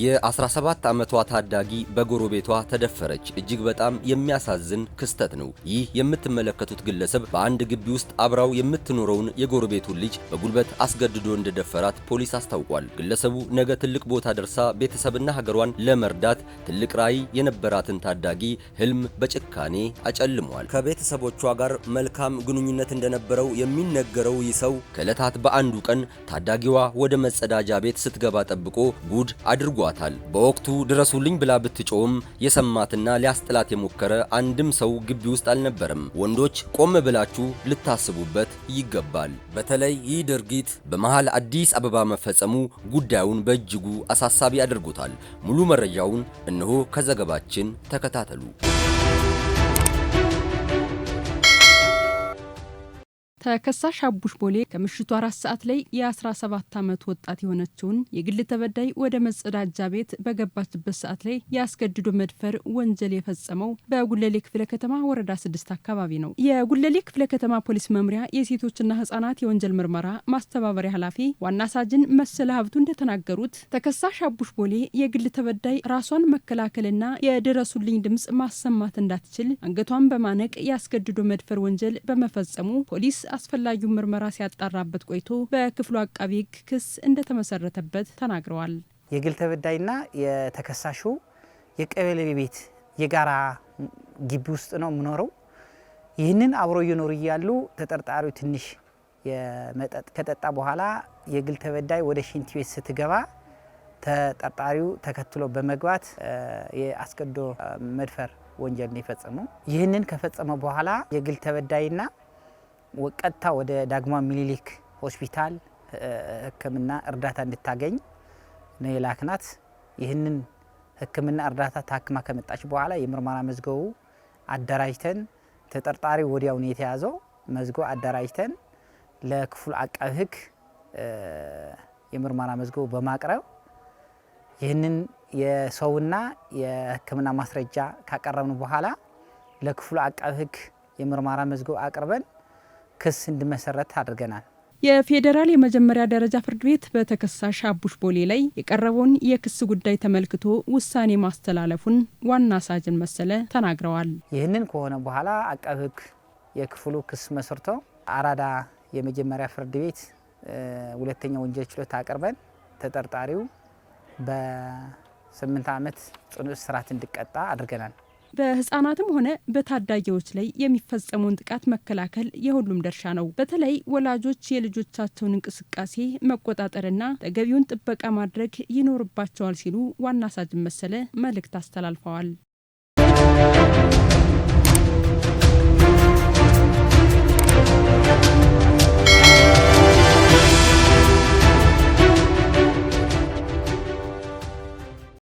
የ17 ዓመቷ ታዳጊ በጎረቤቷ ተደፈረች። እጅግ በጣም የሚያሳዝን ክስተት ነው። ይህ የምትመለከቱት ግለሰብ በአንድ ግቢ ውስጥ አብራው የምትኖረውን የጎረቤቱን ልጅ በጉልበት አስገድዶ እንደደፈራት ፖሊስ አስታውቋል። ግለሰቡ ነገ ትልቅ ቦታ ደርሳ ቤተሰብና ሀገሯን ለመርዳት ትልቅ ራዕይ የነበራትን ታዳጊ ህልም በጭካኔ አጨልሟል። ከቤተሰቦቿ ጋር መልካም ግንኙነት እንደነበረው የሚነገረው ይህ ሰው ከዕለታት በአንዱ ቀን ታዳጊዋ ወደ መጸዳጃ ቤት ስትገባ ጠብቆ ጉድ አድርጓል። አድርጓታል። በወቅቱ ድረሱልኝ ብላ ብትጮውም የሰማትና ሊያስጥላት የሞከረ አንድም ሰው ግቢ ውስጥ አልነበረም። ወንዶች ቆም ብላችሁ ልታስቡበት ይገባል። በተለይ ይህ ድርጊት በመሃል አዲስ አበባ መፈጸሙ ጉዳዩን በእጅጉ አሳሳቢ አድርጎታል። ሙሉ መረጃውን እነሆ ከዘገባችን ተከታተሉ። ተከሳሽ አቡሽ ቦሌ ከምሽቱ አራት ሰዓት ላይ የ17 ዓመት ወጣት የሆነችውን የግል ተበዳይ ወደ መጸዳጃ ቤት በገባችበት ሰዓት ላይ የአስገድዶ መድፈር ወንጀል የፈጸመው በጉለሌ ክፍለ ከተማ ወረዳ ስድስት አካባቢ ነው። የጉለሌ ክፍለ ከተማ ፖሊስ መምሪያ የሴቶችና ህጻናት የወንጀል ምርመራ ማስተባበሪያ ኃላፊ ዋና ሳጅን መሰለ ሀብቱ እንደተናገሩት ተከሳሽ አቡሽ ቦሌ የግል ተበዳይ ራሷን መከላከልና የድረሱልኝ ድምፅ ማሰማት እንዳትችል አንገቷን በማነቅ የአስገድዶ መድፈር ወንጀል በመፈጸሙ ፖሊስ አስፈላጊውን ምርመራ ሲያጣራበት ቆይቶ በክፍሉ አቃቢ ህግ ክስ እንደተመሰረተበት ተናግረዋል። የግል ተበዳይና የተከሳሹ የቀበሌ ቤት የጋራ ግቢ ውስጥ ነው የምኖረው። ይህንን አብሮ እየኖሩ እያሉ ተጠርጣሪው ትንሽ የመጠጥ ከጠጣ በኋላ የግል ተበዳይ ወደ ሽንት ቤት ስትገባ ተጠርጣሪው ተከትሎ በመግባት የአስገድዶ መድፈር ወንጀል ነው የፈጸመው። ይህንን ከፈጸመ በኋላ የግል ተበዳይና ቀጥታ ወደ ዳግማዊ ምኒልክ ሆስፒታል ሕክምና እርዳታ እንድታገኝ ነው የላክናት። ይህንን ሕክምና እርዳታ ታክማ ከመጣች በኋላ የምርመራ መዝገቡ አደራጅተን ተጠርጣሪ ወዲያውን የተያዘው መዝገቡ አደራጅተን ለክፍሉ አቃቢ ሕግ የምርመራ መዝገቡ በማቅረብ ይህንን የሰውና የሕክምና ማስረጃ ካቀረብን በኋላ ለክፍሉ አቃቢ ሕግ የምርመራ መዝገቡ አቅርበን ክስ እንዲመሰረት አድርገናል። የፌዴራል የመጀመሪያ ደረጃ ፍርድ ቤት በተከሳሽ አቡሽ ቦሌ ላይ የቀረበውን የክስ ጉዳይ ተመልክቶ ውሳኔ ማስተላለፉን ዋና ሳጅን መሰለ ተናግረዋል። ይህንን ከሆነ በኋላ አቃቤ ሕግ የክፍሉ ክስ መስርቶ አራዳ የመጀመሪያ ፍርድ ቤት ሁለተኛ ወንጀል ችሎት አቅርበን ተጠርጣሪው በስምንት ዓመት ጽኑ እስራት እንዲቀጣ አድርገናል። በህጻናትም ሆነ በታዳጊዎች ላይ የሚፈጸመውን ጥቃት መከላከል የሁሉም ድርሻ ነው። በተለይ ወላጆች የልጆቻቸውን እንቅስቃሴ መቆጣጠርና ተገቢውን ጥበቃ ማድረግ ይኖርባቸዋል ሲሉ ዋና ሳጅን መሰለ መልእክት አስተላልፈዋል።